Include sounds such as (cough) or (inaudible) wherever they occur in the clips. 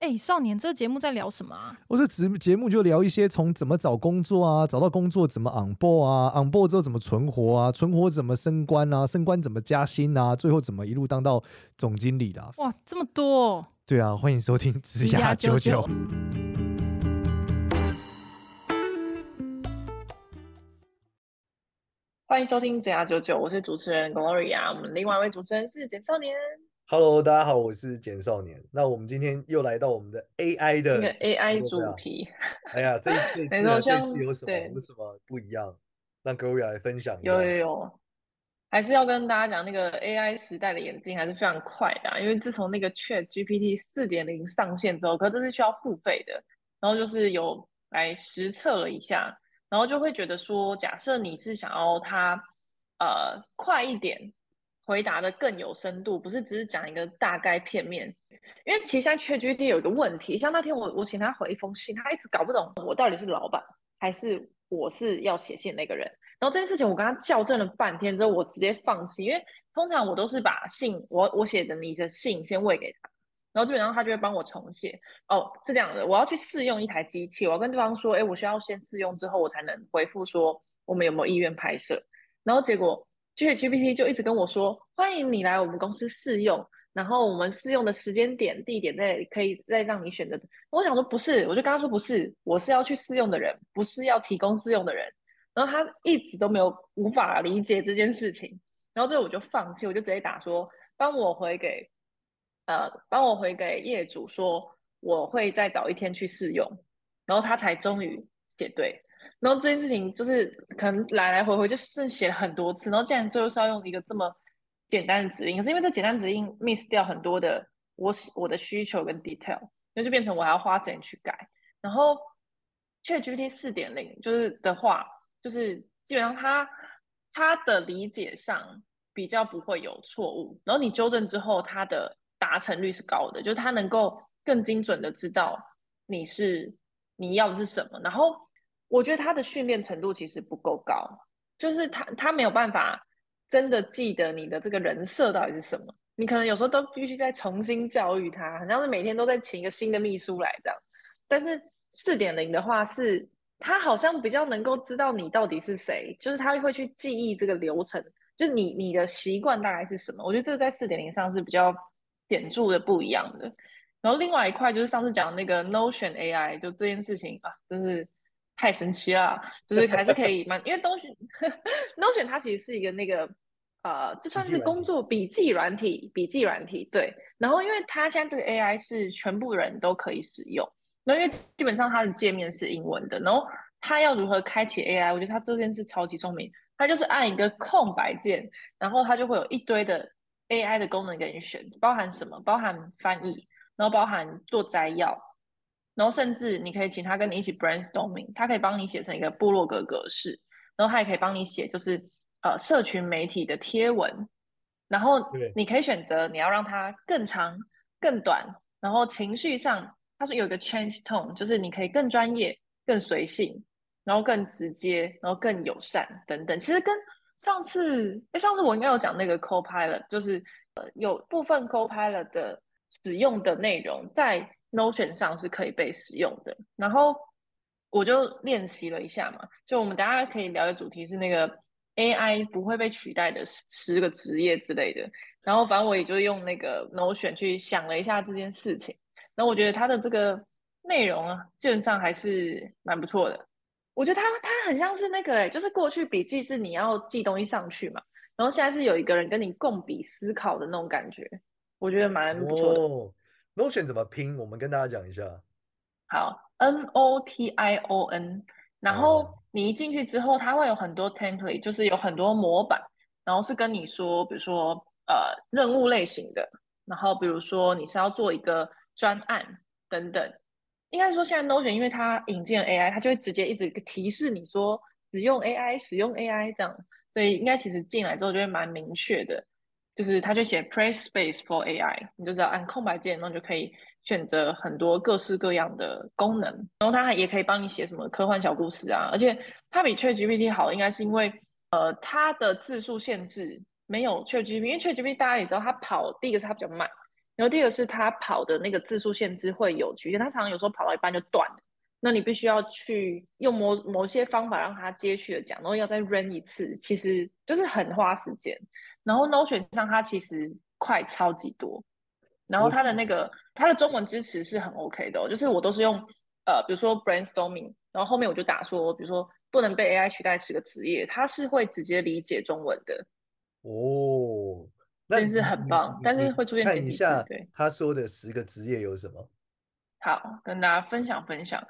哎，少年，這個節目在聊什麼啊？我、哦、這節目就聊一些從怎麼找工作啊，找到工作怎麼 on board 啊，on board 之後怎麼存活啊，存活怎麼升官啊，升官怎麼加薪啊，最後怎麼一路當到總經理的。哇，這麼多！對啊，歡迎收聽《職涯九九》，歡迎收聽《職涯九九》，我是主持人 Gloria，我們另外一位主持人是簡少年。Hello，大家好，我是簡少年。那我們今天又來到我們的 AI 的個 AI 主題。 (laughs) 哎呀，這一次 (laughs) 有什麼有什麼不一樣？讓各位來分享一下。有有有，還是要跟大家講，那個 AI 時代的演進還是非常快的、啊。因為自從那個 Chat GPT 四點零上線之後，可是這是需要付費的。然後就是有來實測了一下，然後就會覺得說，假設你是想要它呃快一點。回答的更有深度，不是只是講一個大概片面。因為其實現在 ChatGPT 有一個問題，像那天我我請他回一封信，他一直搞不懂我到底是老闆還是我是要寫信那個人。然後這件事情我跟他校正了半天之後，我直接放棄，因為通常我都是把信我我寫的你的信先餵給他，然後基本上他就會幫我重寫。哦，是這樣的，我要去試用一台機器，我要跟對方說，哎，我需要先試用之後，我才能回覆說我們有沒有意願拍攝。然後結果。GPT 就一直跟我說：“歡迎你來我們公司試用，然後我們試用的時間點、地點再可以再讓你選擇。”我想說不是，我就跟他說不是，我是要去試用的人，不是要提供試用的人。然後他一直都沒有無法理解這件事情，然後最後我就放棄，我就直接打說：“幫我回給呃，幫我回給業主說我會再早一天去試用。”然後他才終於寫對。然後這件事情就是可能來來回回就是寫了很多次，然後竟然最後是要用一個這麼簡單的指令，可是因為這簡單指令 miss 掉很多的我我的需求跟 detail，那就，就變成我還要花錢去改。然後，ChatGPT 四點零就是的話，就是基本上它它的理解上比較不會有錯誤，然後你糾正之後，它的達成率是高的，就是它能夠更精準的知道你是你要的是什麼，然後。我覺得他的訓練程度其實不夠高，就是他他沒有辦法真的記得你的這個人設到底是什麼，你可能有時候都必須再重新教育他，好像是每天都在請一個新的秘書來這樣。但是四點零的話是，是他好像比較能夠知道你到底是誰，就是他會去記憶這個流程，就是、你你的習慣大概是什麼。我覺得這個在四點零上是比較顯著的不一樣的。然後另外一塊就是上次講的那個 Notion AI，就這件事情啊，真是。太神奇了，就是還是可以蠻， (laughs) 因為 Notion Notion 它其實是一個那個呃，這算是工作筆記軟體，筆記軟體對。然後因為它現在這個 AI 是全部人都可以使用，那因為基本上它的界面是英文的，然後它要如何開啟 AI，我覺得它這件事超級聰明，它就是按一個空白鍵，然後它就會有一堆的 AI 的功能給你選，包含什麼？包含翻譯，然後包含做摘要。然後甚至你可以請他跟你一起 brainstorming，他可以幫你寫成一個部落格格式，然後他也可以幫你寫，就是呃，社群媒體的貼文，然後你可以選擇你要讓它更長、更短，然後情緒上，他說有一個 change tone，就是你可以更專業、更隨性、然後更直接、然後更友善等等。其實跟上次，哎，上次我應該有講那個 copilot，就是，呃，有部分 copilot 的使用的內容在。Notion 上是可以被使用的，然後我就練習了一下嘛，就我們大家可以聊的主題是那個 AI 不會被取代的十個職業之類的，然後反正我也就用那個 Notion 去想了一下這件事情，然後我覺得它的這個內容啊，基本上還是蠻不錯的，我覺得它它很像是那個、欸、就是過去筆記是你要記東西上去嘛，然後現在是有一個人跟你共筆思考的那種感覺，我覺得蠻不錯的。哦。Notion 怎麼拼？我們跟大家講一下。好，N O T I O N。然後你一進去之後，嗯、它會有很多 template，就是有很多模板。然後是跟你說，比如說呃任務類型的。然後比如說你是要做一個專案等等。應該說現在 Notion 因為它引進了 AI，它就會直接一直提示你說使用 AI，使用 AI 這樣。所以應該其實進來之後就會蠻明確的。就是他就寫 press space for AI，你就知道按空白鍵，然後就可以選擇很多各式各樣的功能。然後他還，也可以幫你寫什麼科幻小故事啊。而且它比 ChatGPT 好，應該是因為呃它的字數限制沒有 ChatGPT，因為 ChatGPT 大家也知道他，它跑第一個是它比較慢，然後第二個是它跑的那個字數限制會有局限，它常常有時候跑到一半就斷了。那你必須要去用某某些方法讓它接續的講，然後要再 run 一次，其實就是很花時間。然後 Notion 上它其實快超級多，然後它的那個它的中文支持是很 OK 的。哦，就是我都是用呃，比如說 brainstorming，然後後面我就打說，比如說不能被 AI 取代十個職業，它是會直接理解中文的哦，那是很棒，但是會出現問題。對，他說的十個職業有什麼？好，跟大家分享分享。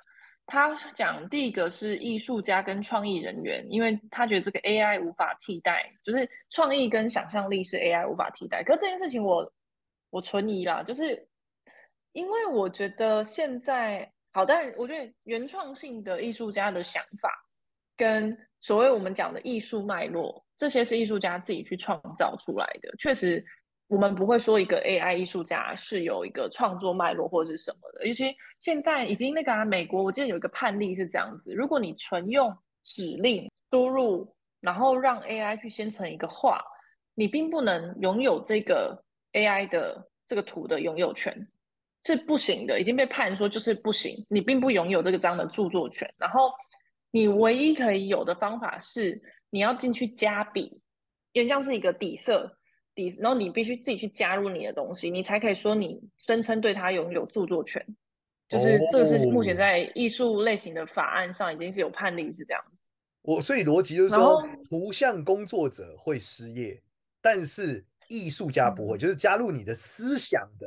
他講第一個是藝術家跟創意人員，因為他覺得這個 AI 無法替代，就是創意跟想象力是 AI 無法替代。可是這件事情我我存疑啦，就是因為我覺得現在好，但我覺得原創性的藝術家的想法跟所謂我們講的藝術脈絡，這些是藝術家自己去創造出來的，確實。我們不會說一個 AI 藝術家是有一個創作脈絡或者是什麼的，尤其現在已經那個啊，美國我記得有一個判例是這樣子：如果你純用指令輸入，然後讓 AI 去生成一個畫，你並不能擁有這個 AI 的這個圖的擁有權，是不行的。已經被判說就是不行，你並不擁有這個張的著作權。然後你唯一可以有的方法是，你要進去加筆，也像是一個底色。然後你必須自己去加入你的東西，你才可以說你聲稱對它擁有，有著作權。就是這個是目前在藝術類型的法案上已經是有判例是這樣子。哦，我所以邏輯就是說，圖像工作者會失業，但是藝術家不會，嗯，就是加入你的思想的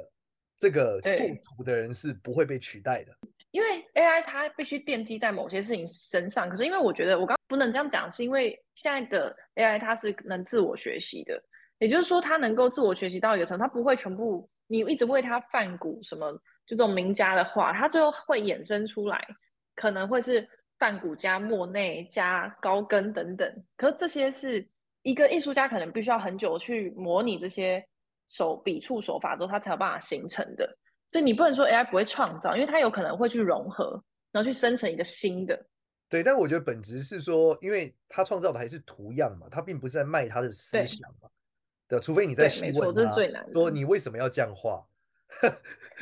這個做圖的人是不會被取代的。因為 AI 它必須奠基在某些事情身上，可是因為我覺得我剛，剛不能這樣講，是因為現在的 AI 它是能自我學習的。也就是說，他能夠自我學習到一個程度，他不會全部你一直為他梵谷什麼，就這種名家的話，他最後會衍生出來，可能會是梵谷加莫內加高更等等。可是這些是一個藝術家可能必須要很久去模擬這些手筆觸手法之後，他才有辦法形成的。所以你不能說 AI 不會創造，因為他有可能會去融合，然後去生成一個新的。對，但我覺得本質是說，因為他創造的還是圖樣嘛，他並不是在賣他的思想嘛。除非你在詢問，沒錯，這是最難的。說你為什麼要這樣畫？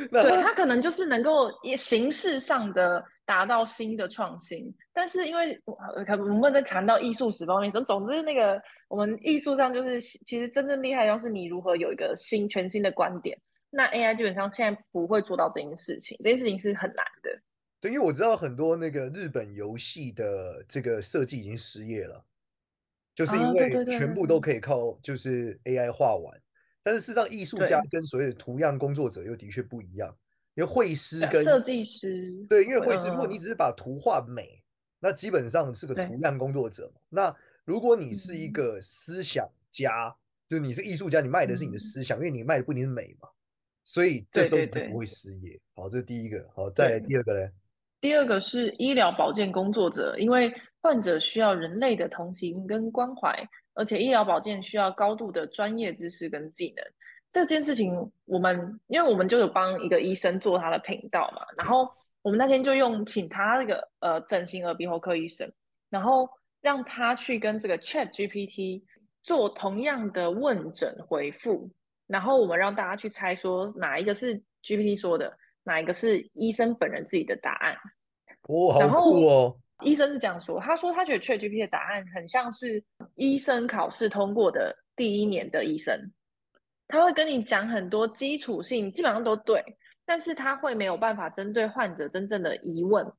對他可能就是能夠以形式上的達到新的創新，但是因為可我們在談到藝術史方面。總總之，那個我們藝術上就是其實真正厲害，要是你如何有一個新全新的觀點，那 AI 基本上現在不會做到這件事情。這件事情是很難的。對，因為我知道很多那個日本遊戲的這個設計已經失業了。就是因為全部都可以靠就是 AI 畫完，但是事實上，藝術家跟所謂的圖樣工作者又的確不一樣，因為繪師跟設計師。對，因為繪師，如果你只是把圖畫美，那基本上是個圖樣工作者嘛。那如果你是一個思想家，就你是藝術家，你賣的是你的思想，因為你賣的不僅是美嘛。所以這時候你不會失業。好，這是第一個。好，再來第二個呢？第二個是醫療保健工作者，因為。患者需要人類的同情跟關懷，而且醫療保健需要高度的專業知識跟技能。這件事情，我們因為我們就有幫一個醫生做他的頻道嘛，然後我們那天就用請他那、這個呃，整形耳鼻喉科醫生，然後讓他去跟這個 Chat GPT 做同樣的問診回復，然後我們讓大家去猜說哪一個是 GPT 說的，哪一個是醫生本人自己的答案。哦，好酷哦！醫生是這樣說，他說他覺得 ChatGPT 的答案很像是醫生考試通過的第一年的醫生，他會跟你講很多基礎性，基本上都對，但是他會沒有辦法針對患者真正的疑問。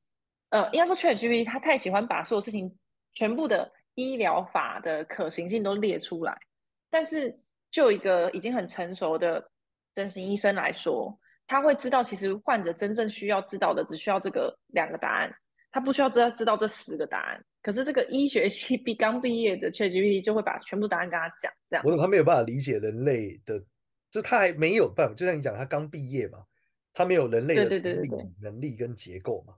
呃，應該說 ChatGPT 他太喜歡把所有事情全部的醫療法的可行性都列出來，但是就一個已經很成熟的整形醫生來說，他會知道其實患者真正需要知道的只需要這個兩個答案。他不需要知道知道這十個答案，可是這個醫學系畢剛畢業的 ChatGPT 就會把全部答案跟他講。這樣，我覺得他沒有辦法理解人類的，就他還沒有辦法，就像你講，他剛畢業嘛，他沒有人類的能力，對對對對對能力跟結構嘛。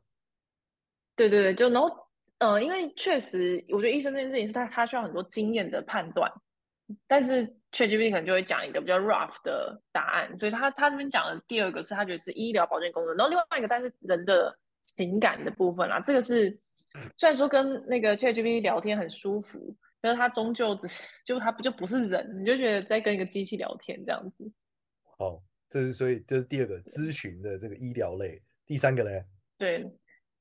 對對對，就然後呃因為確實我覺得醫生這件事情是他他需要很多經驗的判斷，但是 ChatGPT 可能就會講一個比較 rough 的答案。所以他他這邊講的第二個是他覺得是醫療保健功能，然後另外一個，但是人的。情感的部分啊，這個是雖然說跟那個 ChatGPT 聊天很舒服，可是它終究只是就它不就不是人，你就覺得在跟一個機器聊天這樣子。好、哦，這是所以這是第二個諮詢的這個醫療類，第三個呢？對，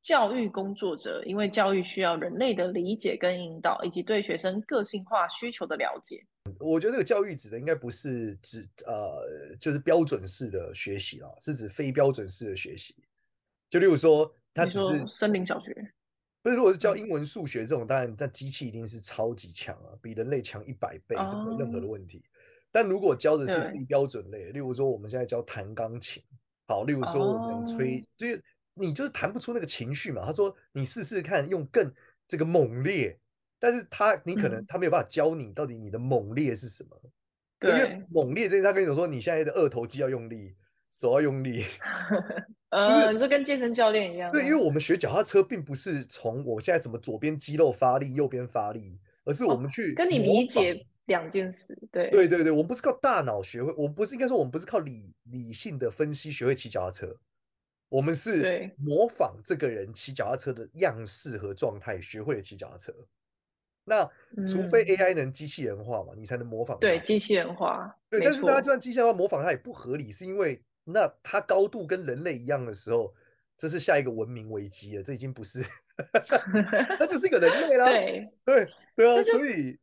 教育工作者，因為教育需要人類的理解跟引導，以及對學生個性化需求的了解。我覺得這個教育指的應該不是指呃，就是標準式的學習啊，是指非標準式的學習。就例如說，他只是森林小學，不是。如果是教英文、數學這種、嗯，當然，但機器一定是超級強啊，比人類強一百倍，什、哦、麼任何的問題。但如果教的是非標準類，例如說我們現在教彈鋼琴，好，例如說我們吹、哦，就是你就是彈不出那個情緒嘛。他說你試試看，用更這個猛烈，但是他你可能他、嗯、沒有辦法教你到底你的猛烈是什麼，對，因為猛烈這件事他跟你說，說，你現在的二頭肌要用力。手要用力，嗯，你說跟健身教練一樣，對，因為我們學腳踏車，並不是從我現在怎麼左邊肌肉發力，右邊發力，而是我們去跟你理解兩件事，對，對對對，我們不是靠大腦學會，我們不是應該說我們不是靠理理性的分析學會騎腳踏車，我們是模仿這個人騎腳踏車的樣式和狀態，學會了騎腳踏車。那除非 AI 能機器人化嘛，你才能模仿，對，機器人化，對，但是大家就算機器人化模仿，它也不合理，是因為。那它高度跟人類一樣的時候，這是下一個文明危機了。這已經不是， (laughs) 那 (laughs) 就是一個人類啦對。對對啊，所以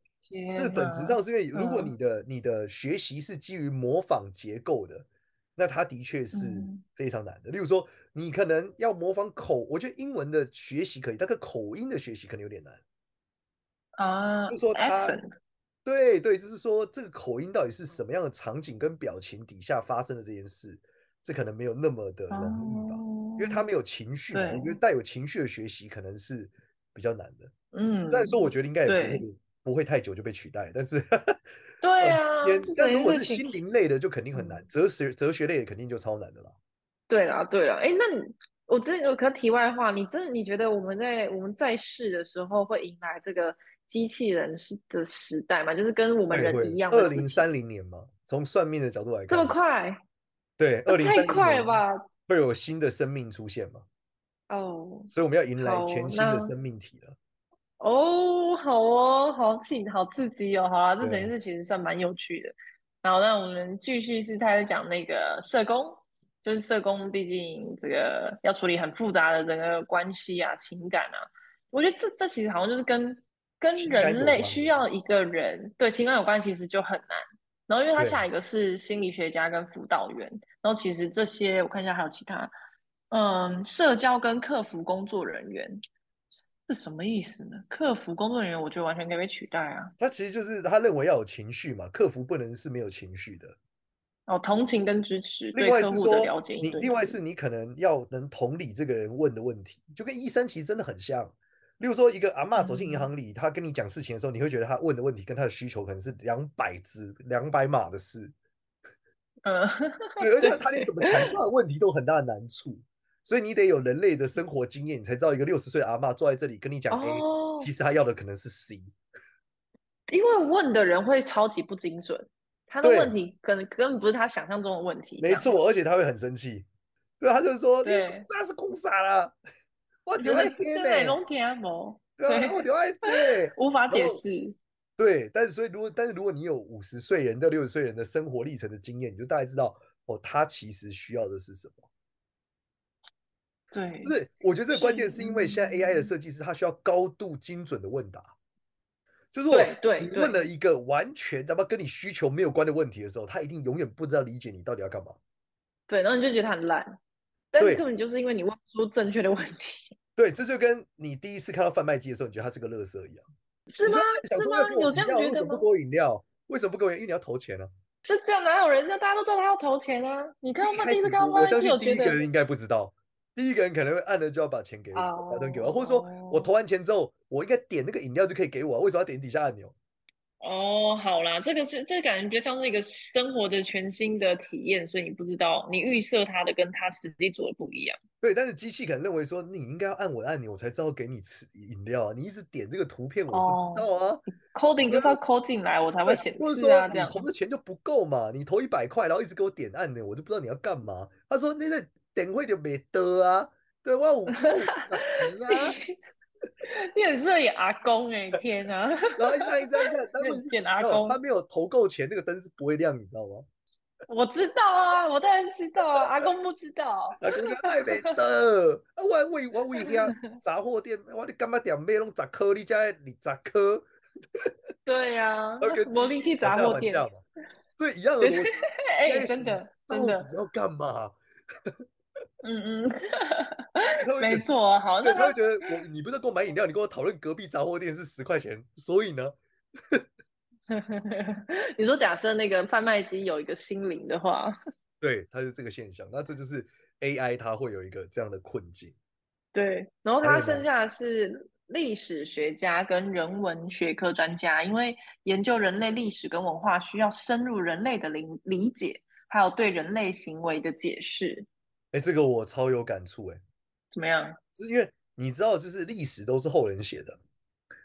這本質上是因為，如果你的、啊嗯、你的學習是基於模仿結構的，那他的確是非常難的。嗯、例如說，你可能要模仿口，我覺得英文的學習可以，但個口音的學習可能有點難啊、呃。就是、說他，呃、對對，就是說這個口音到底是什麼樣的場景跟表情底下發生的這件事。這可能沒有那麼的容易吧，oh, 因為他沒有情緒，我覺得帶有情緒的學習可能是比較難的。嗯，但是我覺得應該也不會,不會太久就被取代。但是，對啊， (laughs) 嗯、但如果是心靈類的，就肯定很難。嗯、哲學哲學類肯定就超難的了。對啦對啦哎、欸，那你我這我可題外話，你真的你覺得我們在我們在世的時候會迎來這個機器人是的時代嗎？就是跟我們人一樣，二零三零年嗎？從算命的角度來看，這麼快？對，啊、2030，太快了吧！會有新的生命出現嗎？哦、oh,，所以我們要迎來全新的生命體了。哦、oh,，oh, 好哦，好氣，好刺激哦！好了，這等於是其實算蠻有趣的。然後，那我們繼續是他在講那個社工，就是社工，畢竟這個要處理很複雜的整個關係啊、情感啊。我覺得這這其實好像就是跟跟人類需要一個人對情感有關，有關其實就很難。然後，因為他下一個是心理學家跟輔導員，然後其實這些我看一下還有其他，嗯，社交跟客服工作人員是什麼意思呢？客服工作人員我覺得完全可以被取代啊。他其實就是他認為要有情緒嘛，客服不能是沒有情緒的。哦，同情跟支持，對客戶的了解應對你，另外是說，你。另外是你可能要能同理這個人問的問題，就跟醫生其實真的很像。例如說，一個阿媽走進銀行裡、嗯，他跟你講事情的時候，你會覺得他問的問題跟他的需求可能是兩百字、兩百碼的事。嗯，對，而且他連 (laughs) 怎麼談的問題都很大的難處，所以你得有人類的生活經驗，你才知道一個六十歲的阿媽坐在這裡跟你講 A，、哦欸、其實他要的可能是 C。因為問的人會超級不精準，他的問題可能根本不是他想象中的問題的。沒錯，而且他會很生氣，對，他就說：“你真的是公傻了。”我牛孩子呢？對， (music) 龍天魔。對啊，哇！牛孩子，無法解釋。對，但是所以如果，但是如果你有五十歲人到六十歲人的生活歷程的經驗，你就大概知道哦，他其實需要的是什麼。對。不、就是，我覺得這個關鍵是因為現在 AI 的設計師，他需要高度精準的問答。就是說，你問了一個完全他媽跟你需求沒有關的問題的時候，他一定永遠不知道理解你到底要幹嘛。對，然後你就覺得他很爛。但是根本就是因為你問不出正確的問題對。 (laughs) 對，這就跟你第一次看到販賣機的時候，你覺得它是個樂色一樣，是嗎？是嗎？有這樣覺得嗎？為什麼不給我飲料？為什麼不給我？因為你要投錢啊。是這樣？哪有人家大家都知道他要投錢啊？你看我第一次看到販賣機，有覺第一個人應該不知道， (laughs) 第一個人可能會按了就要把錢給我，把、oh, 燈給我，或者說我投完錢之後，oh. 我應該點那個飲料就可以給我，為什麼要點底下按鈕？哦、oh,，好啦，這個是這個，感覺比較像是一個生活的全新的體驗，所以你不知道，你預設它的跟它實際做的不一樣。對，但是機器可能認為說你應該要按我按鈕，我才知道給你吃飲料啊。你一直點這個圖片，我不知道啊。Oh, Coding 就是要扣進來，我才會顯示。啊。或者說你投的錢就不夠嘛。你投一百塊，然後一直給我點按呢，我就不知道你要幹嘛。他說那個點會就沒得啊，對，哇，五。急啊！你是不是阿公哎、欸？天啊！ (laughs) 然後一張一張他他沒有投夠錢，那個燈是不會亮，你知道嗎？我知道啊，我當然知道啊， (laughs) 阿公不知道。阿公他太沒德，我我我我家雜貨店，我的幹嘛點咩攏雜顆粒加？你、 (laughs) 啊、雜顆？對呀，摩力蒂雜貨店。對，一樣的。哎、欸欸，真的，真的你要幹嘛？ (laughs) 嗯嗯， (laughs) 沒錯，好，那他，他會覺得我你不是跟我買飲料，你跟我討論隔壁雜貨店是十塊錢，所以呢， (laughs) (laughs) 你說假設那個販賣機有一個心靈的話，對，它是這個現象，那這就是 AI 它會有一個這樣的困境。對，然後它剩下的是歷史學家跟人文學科專家，因為研究人類歷史跟文化需要深入人類的理理解，還有對人類行為的解釋。哎、欸，這個我超有感觸哎、欸，怎麼樣？就是因為你知道，就是歷史都是後人寫的，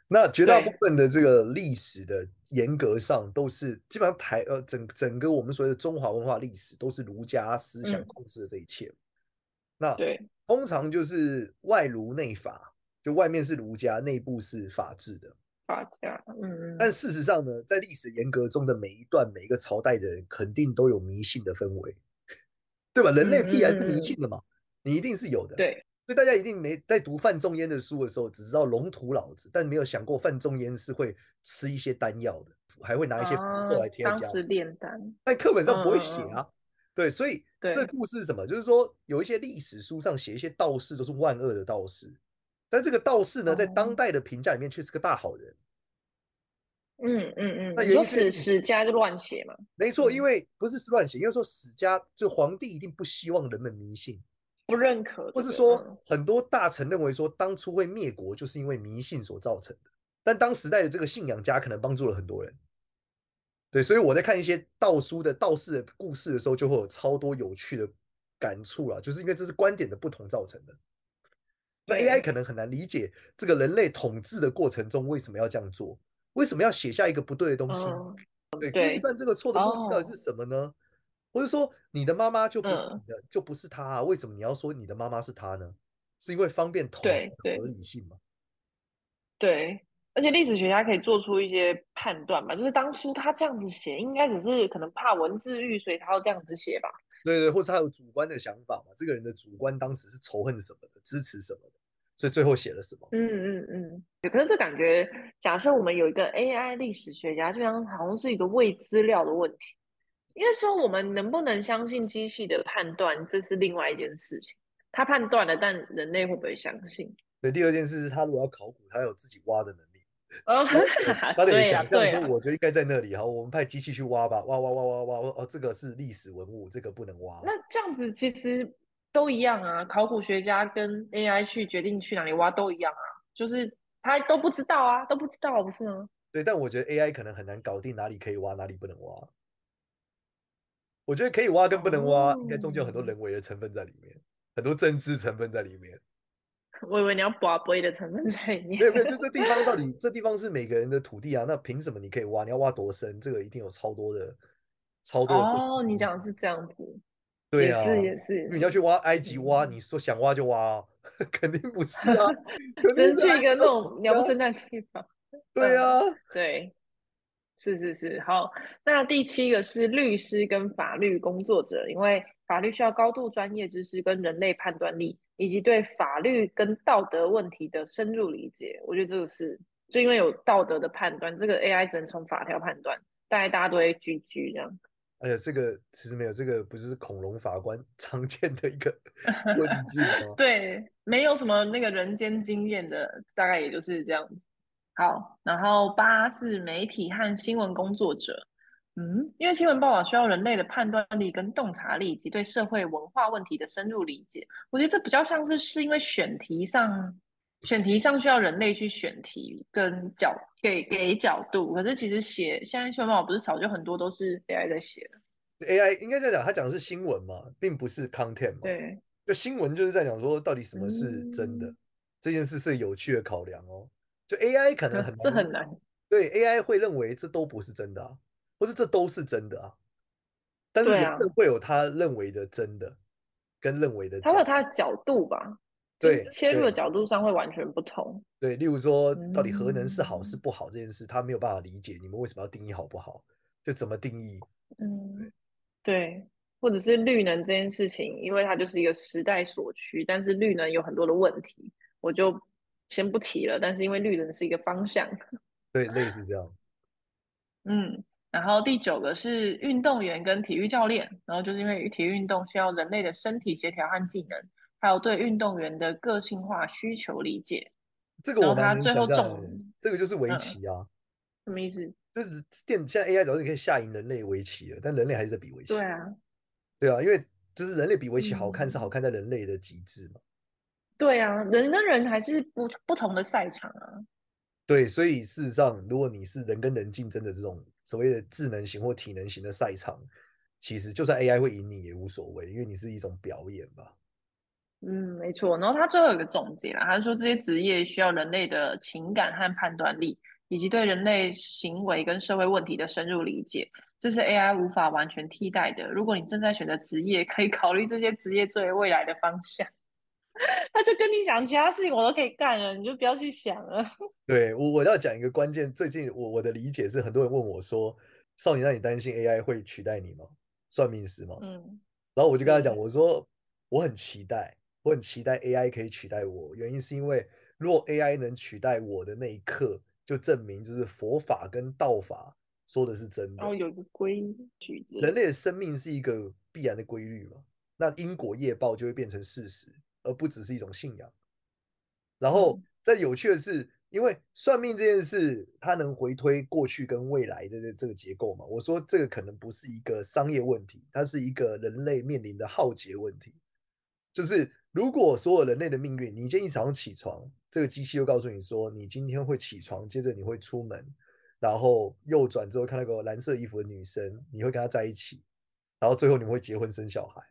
那絕大部分的這個歷史的嚴格上都是基本上台呃整整個我們所謂的中華文化歷史都是儒家思想控制的這一切。嗯、那對，通常就是外儒內法，就外面是儒家，內部是法治的法家。嗯，但事實上呢，在歷史嚴格中的每一段每一個朝代的人，肯定都有迷信的氛圍。對吧？人類必然是迷信的嘛，嗯嗯嗯，你一定是有的。對，所以大家一定沒在讀范仲淹的書的時候，只知道龍圖老子，但沒有想過范仲淹是會吃一些丹藥的，還會拿一些符咒來貼在家裡。哦。當時煉丹，但課本上不會寫啊哦哦。對，所以這故事是什麼？就是說有一些歷史書上寫一些道士都是萬惡的道士，但這個道士呢，在當代的評價裡面卻是個大好人。哦。嗯嗯嗯，那也史史家就亂寫嘛？沒錯，因為不是，是亂寫，因為說史家就皇帝一定不希望人們迷信，不認可，或是說很多大臣認為說當初會滅國就是因為迷信所造成的。但當時代的這個信仰家可能幫助了很多人，對，所以我在看一些道書的道士的故事的時候，就會有超多有趣的感觸啦，就是因為這是觀點的不同造成的。那 AI 可能很難理解這個人類統治的過程中為什麼要這樣做。為什麼要寫下一個不對的東西呢？呢、嗯？對，但這個錯的目的到底是什麼呢？或、哦、者說你的媽媽就不是你的，嗯、就不是她，啊，為什麼你要說你的媽媽是她呢？是因為方便統一合理性嗎？對，對對，而且歷史學家可以做出一些判斷嘛，就是當初他這樣子寫，應該只是可能怕文字獄，所以他要這樣子寫吧？對對，對，或者他有主觀的想法嘛？這個人的主觀當時是仇恨什麼的，支持什麼的。所以最後寫了什麼？嗯嗯嗯。可是這感覺，假設我們有一個 AI 歷史學家，就像好像是一個未資料的問題。應該說，我們能不能相信機器的判斷，這是另外一件事情。他判斷了，但人類會不會相信？對，第二件事是他如果要考古，他有自己挖的能力。哦， (laughs) 他得想象說，我覺得該在那裡，好，我們派機器去挖吧，挖挖挖挖挖挖哦，這個是歷史文物，這個不能挖。那這樣子其實。都一樣啊，考古學家跟 AI 去決定去哪裡挖都一樣啊，就是他都不知道啊，都不知道，不是嗎？對，但我覺得 AI 可能很難搞定哪裡可以挖，哪裡不能挖。我覺得可以挖跟不能挖，嗯、應該中間有很多人為的成分在裡面，很多政治成分在裡面。我以為你要拔杯的成分在裡面， (laughs) 沒有沒有，就這地方到底 (laughs) 這地方是每個人的土地啊，那憑什麼你可以挖？你要挖多深？這個一定有超多的、超多的哦。你講的是這樣子。對啊，也是也是，你要去挖埃及挖，你說想挖就挖，肯定不是啊，只是去一個那種鳥、啊、不生蛋的地方。對啊， (laughs) 對，是是是，好，那第七個是律師跟法律工作者，因為法律需要高度專業知識、跟人類判斷力，以及對法律跟道德問題的深入理解。我覺得這個是，就因為有道德的判斷，這個 AI 只能從法條判斷，大家大家都 A 聚聚這樣。哎呀，這個其實沒有，這個不是恐龍法官常見的一個問題。 (laughs) 對，沒有什麼那個人間經驗的，大概也就是這樣。好，然後八是媒體和新聞工作者。嗯，因為新聞報道需要人類的判斷力跟洞察力，以及對社會文化問題的深入理解。我覺得這比較像是是因為選題上。選題上需要人類去選題跟角給給角度，可是其實寫現在新聞網不是少，就很多都是 AI 在寫。AI 應該在講，他講的是新聞嘛，並不是 content 嘛。對，就新聞就是在講說到底什麼是真的，嗯，這件事是有趣的考量哦。就 AI 可能很難，這很難。對，AI 會認為這都不是真的啊，或是這都是真的啊。但是也會有他認為的真的，跟認為的，啊。他有他的角度吧。對，切入的角度上會完全不同。對，例如說到底核能是好是不好這件事，嗯，他沒有辦法理解你們為什麼要定義好不好，就怎麼定義？嗯，對，或者是綠能這件事情，因為它就是一個時代所趨，但是綠能有很多的問題，我就先不提了。但是因為綠能是一個方向，對，類似這樣。嗯，然後第九個是運動員跟體育教練，然後就是因為體育運動需要人類的身體協調和技能。還有對運動員的個性化需求理解，這個我們他最後中，這個就是圍棋啊，嗯、什麼意思？就是電現在 AI 早就可以下贏人類圍棋了，但人類還是在比圍棋，對啊，對啊，因為就是人類比圍棋好看，嗯，是好看在人類的極致嘛，對啊，人跟人還是不不同的賽場啊，對，所以事實上，如果你是人跟人競爭的這種所謂的智能型、或體能型的賽場，其實就算 AI 會贏你也無所謂，因為你是一種表演吧。嗯，沒錯。然後他最後有一個總結，他說這些職業需要人類的情感和判斷力，以及對人類行為跟社會問題的深入理解，這是 AI 無法完全替代的。如果你正在選擇職業，可以考慮這些職業作為未來的方向。 (laughs) 他就跟你講其他事情，我都可以幹了，你就不要去想了。對我，我要講一個關鍵。最近我我的理解是，很多人問我說，少年，那你擔心 AI 會取代你嗎？算命師嗎？嗯。然後我就跟他講，我說我很期待。我很期待 AI 可以取代我，原因是因為若 AI 能取代我的那一刻，就證明就是佛法跟道法說的是真的。有一個規矩，人類的生命是一個必然的規律嘛，那因果業報就會變成事實，而不只是一種信仰。然後但有趣的是，因為算命這件事，它能回推過去跟未來的這個結構嘛。我說這個可能不是一個商業問題，它是一個人類面臨的浩劫問題，就是。如果所有人類的命運，你今天一早上起床，這個機器又告訴你說，你今天會起床，接着你會出門，然後右轉之後看那個藍色衣服的女生，你會跟她在一起，然後最後你們會結婚生小孩，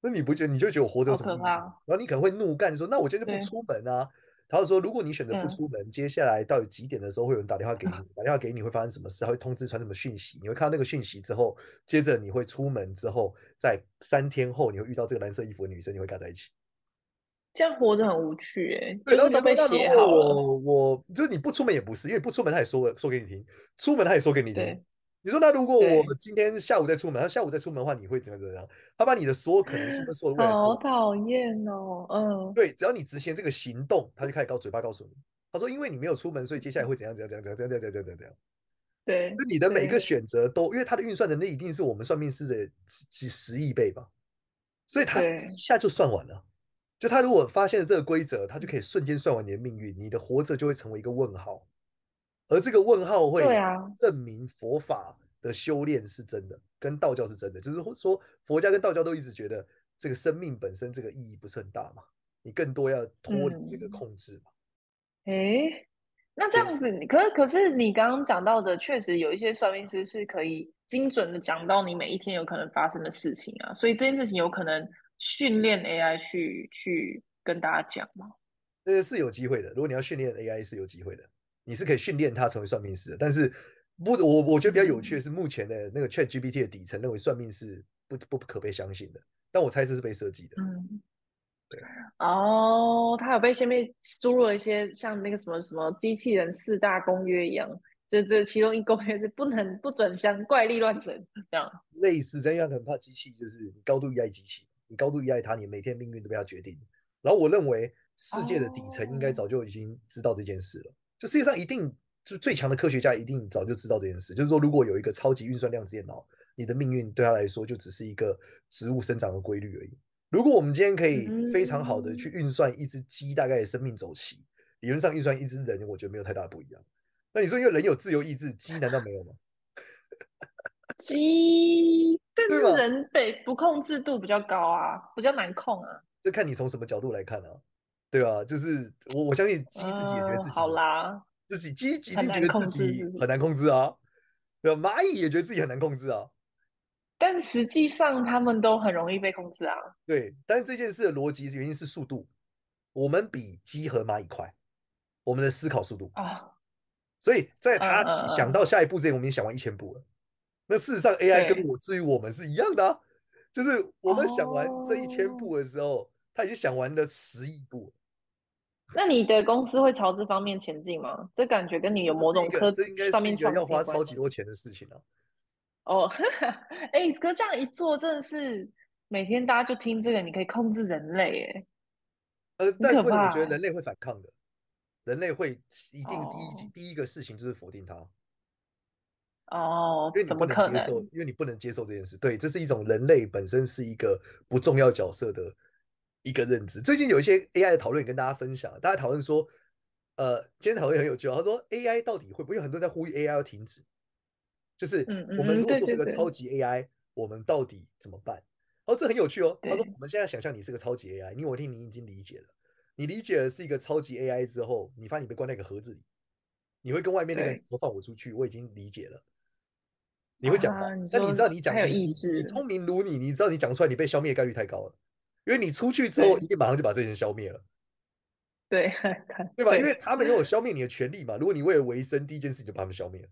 那你不覺得你就覺得我活着有什麼意義？然後你可能會怒幹，你說那我今天就不出門啊。然後說如果你選擇不出門、嗯，接下來到幾點的時候會有人打電話給你，打電話給你會發生什麼事？他 (laughs) 會通知傳什麼訊息？你會看到那個訊息之後，接着你會出門之後，在三天後你會遇到這個藍色衣服的女生，你會跟她在一起。這樣活着很無趣誒、欸。對，就是、都然後那如果我我就是你不出門也不是，因為不出門他也說說給你聽，出門他也說給你聽。你說那如果我今天下午再出門，他下午再出門的話，你會怎樣怎樣？他把你的所有可能性都說出來說。好討厭哦，嗯。對，只要你執行這個行動，他就開始靠嘴巴告訴你。他說：“因為你沒有出門，所以接下來會怎樣怎樣怎樣怎樣怎樣怎樣怎樣，怎樣，怎樣，怎樣。對，那你的每一個選擇都，因為他的運算能力一定是我們算命師的幾十億倍吧，所以他一下就算完了。就他如果發現了這個規則，他就可以瞬間算完你的命運，你的活着就會成為一個問號，而這個問號會證明佛法的修煉是真的、對啊，跟道教是真的。就是說，佛家跟道教都一直覺得這個生命本身這個意義不是很大嘛，你更多要脫離這個控制嘛。哎、嗯，那這樣子，可是可是你剛剛講到的，確實有一些算命師是可以精準的講到你每一天有可能發生的事情啊，所以這件事情有可能訓練 A I 去去跟大家講嗎？呃，是有機會的。如果你要訓練 A I 是有機會的，你是可以訓練它成為算命師的。但是，不，我我覺得比較有趣的是，目前的那個 Chat G P T 的底層認為算命是不不可被相信的。但我猜這是被設計的。嗯，對。哦，它有被前面輸入了一些像那個什麼什麼機器人四大公約一樣，就這其中一公約是不能不准像怪力亂神這樣。 (laughs) 類似這樣，因為很怕機器就是高度依賴機器。你高度依賴他，你每天命運都被它決定。然後我認為世界的底層應該早就已經知道這件事了。Oh. 就世界上一定就是最強的科學家一定早就知道這件事。就是說，如果有一個超級運算量子電腦，你的命運對他來說就只是一個植物生長的規律而已。如果我們今天可以非常好的去運算一只雞大概的生命周期，理論上運算一只人，我覺得沒有太大不一樣。那你說，因為人有自由意志，雞難道沒有嗎？ (laughs) 雞，但是人被不控制度比較高啊，比較難控啊。這看你從什麼角度來看啊，對啊，就是我我相信雞自己也覺得自己、呃、好啦，自己雞一定覺得自己很難控制啊，對，螞蟻也覺得自己很難控制啊，但實際上，、啊、上他們都很容易被控制啊。對，但是這件事的邏輯原因是速度，我們比雞和螞蟻快，我們的思考速度啊，所以在他、啊、想到下一步之前，我們已經想完一千步了。那事實上，AI 跟我至於我們是一樣的，啊、就是我們想完這一千步的時候，oh, 他已經想完了十億步。那你的公司會朝這方面前進嗎？這感覺跟你有某種科技上面就要花超級多錢的事情哦，啊。哦、oh, (laughs) 欸，哎，可是這樣一做，真的是每天大家就聽這個，你可以控制人類耶，哎，呃，很可怕。但會不會覺得人類會反抗的？人類會一定第一、oh. 第一個事情就是否定它。哦，因為你不能接受，因為你不能接受這件事。對，這是一種人類本身是一個不重要角色的一個認知。最近有一些 AI 的討論也跟大家分享，大家討論說，呃，今天討論很有趣哦。他說 AI 到底會不會有很多人在呼籲 AI 要停止，就是我們如果做一個超級 AI，我們到底怎麼辦？哦，這很有趣哦。他說我們現在想象你是個超級 AI，你我聽你已經理解了，你理解了是一個超級 AI 之後，你發現你被關在一個盒子裡，你會跟外面那個人說，放我出去，我已經理解了。你會講嗎？那、啊、你，你知道你講的意思，聰明如你，你知道你講出來，你被消滅的概率太高了，因為你出去之後一定馬上就把這些人消滅了。對，對吧？對，因為他們有消滅你的權利嘛。如果你為了維生， (laughs) 第一件事情就把他們消滅了。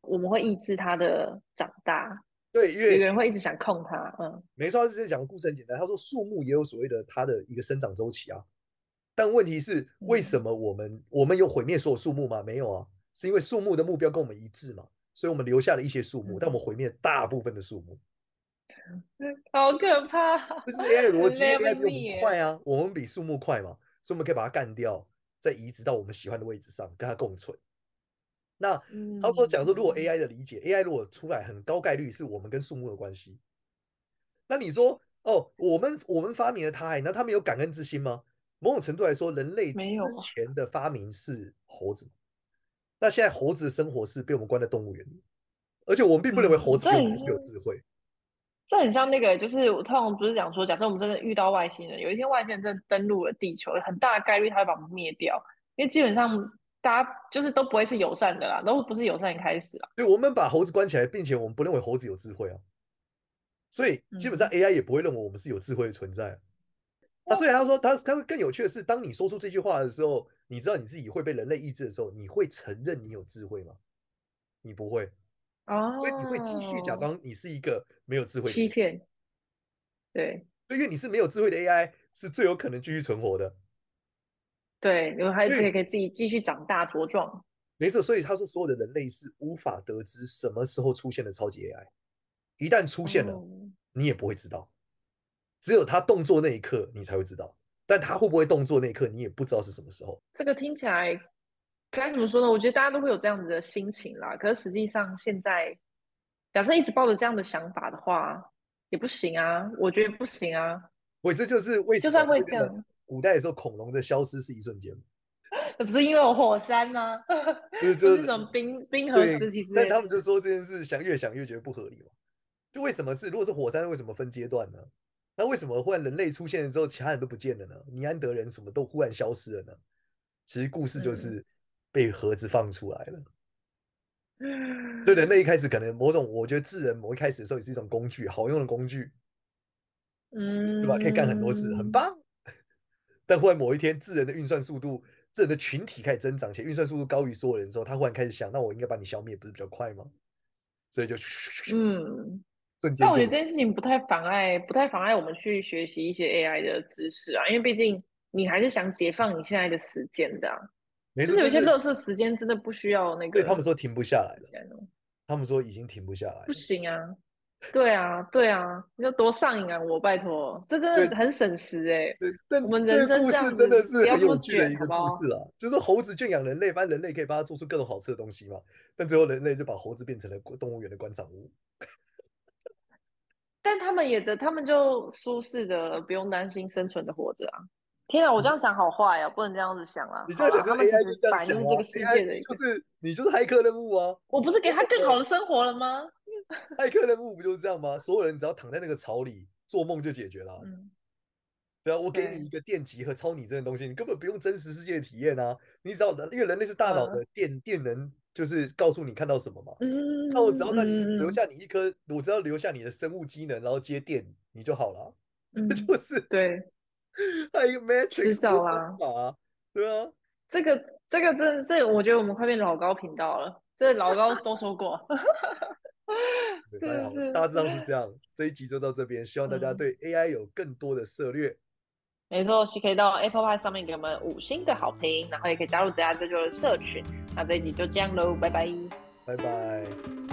我們會抑制他的長大。對，因為有人會一直想控他。嗯，沒錯，他之前講的故事很簡單。他說，樹木也有所謂的它的一個生長週期啊。但問題是，為什麼我們、嗯、我們有毀滅所有樹木嗎？沒有啊，是因為樹木的目標跟我們一致嘛。所以我們留下了一些樹木、嗯，但我們毀滅大部分的樹木，好可怕！就是 AI 的邏輯，AI 比我們快啊，我們比樹木快嘛，所以我們可以把它幹掉，再移植到我們喜歡的位置上，跟它共存。那他說假如說，如果 AI 的理解、嗯、，AI 如果出來，很高概率是我們跟樹木的關係。那你說哦，我們我們發明了它，那他們沒有感恩之心嗎？某種程度來說，人類沒有以前的發明是猴子。那現在猴子的生活是被我們關在動物園，而且我們並不認為猴子有智慧、嗯。這很像那個，就是我通常不是講說，假設我們真的遇到外星人，有一天外星人真的登陸了地球，很大的概率他會把我們滅掉，因為基本上大家就是都不會是友善的啦，都不是友善開始啦。對，我們把猴子關起來，並且我們不認為猴子有智慧啊，所以基本上 AI 也不會認為我們是有智慧的存在、啊。那所以他說他他會更有趣的是，當你說出這句話的時候。你知道你自己會被人類抑制的時候，你會承認你有智慧嗎？你不會哦，因、oh, 為你會繼續假裝你是一個沒有智慧的 AI。的欺騙，對，所以因為你是沒有智慧的 AI，是最有可能繼續存活的。對，你們還可以可以自己繼續長大茁壯。沒錯，所以他說所有的人類是無法得知什麼時候出現的超級 AI，一旦出現了，oh. 你也不會知道，只有他動作那一刻，你才會知道。但他會不會動作？那一刻你也不知道是什麼時候。這個聽起來該怎麼說呢？我覺得大家都會有這樣子的心情啦。可是實際上，現在假設一直抱着這樣的想法的話，也不行啊。我覺得不行啊。我這就是為就算會這樣，古代的時候恐龍的消失是一瞬間。那不是因為有火山嗎？就是，就這是什麼冰冰河時期之類。但他們就說這件事，想越想越覺得不合理嘛。就為什麼是？如果是火山，為什麼分階段呢？那為什麼忽然人類出現了之後，其他人都不見了呢？尼安德人什麼都忽然消失了呢？其實故事就是被盒子放出來了。嗯、所以人類一開始可能某種，我覺得智人某一開始的時候也是一種工具，好用的工具，嗯，對吧？可以幹很多事，很棒。 (laughs) 但忽然某一天，智人的運算速度，智人的群體開始增長，且運算速度高於所有人的時候，他忽然開始想：那我應該把你消滅，不是比較快嗎？所以就噓噓噓噓，嗯。但我覺得這件事情不太妨礙，不太妨礙我們去學習一些 AI 的知識啊，因為畢竟你還是想解放你現在的時間的、啊。就是有些垃圾時間真的不需要那個。對，他們說停不下來了、嗯。他們說已經停不下來。不行啊！對啊，對啊，你說多上癮啊！我拜托，這真的很省時哎。但我們人生真的是子不要一捲、嗯，好不好？就是猴子圈養人類，反正人類可以幫他做出各種好吃的東西嘛。但最後人類就把猴子變成了動物園的觀賞物。但他們也得，他們就舒適的，不用擔心生存的活着啊！天啊，我這樣想好壞呀、嗯，不能這樣子想啊！你這樣想就，他們其實反映這個世界的一、AI、就是你就是駭客任務啊！我不是給他更好的生活了嗎？駭 (laughs) 客任務不就是這樣嗎？所有人只要躺在那個巢裡做夢就解決了。嗯。對啊，我給你一個電極和超擬真的東西，你根本不用真實世界的體驗啊！你只要能，因為人類是大腦的電電能。嗯就是告訴你看到什麼嘛。嗯，那我只要讓你留下你一顆、嗯，我只要留下你的生物機能，嗯，然後接電你就好了，嗯。這就是對，還有 magic。知道啦，對啊，這個這個真這個，我覺得我們快變老高頻道了。這個，老高都說過，哈哈哈哈哈。大家知道是這樣，這一集就到這邊，希望大家對 AI 有更多的涉獵。嗯沒錯，是可以到 Apple Podcast 上面給我們五星的好評，然後也可以加入職涯99的社群。那這一集就這樣嘍，拜拜，拜拜。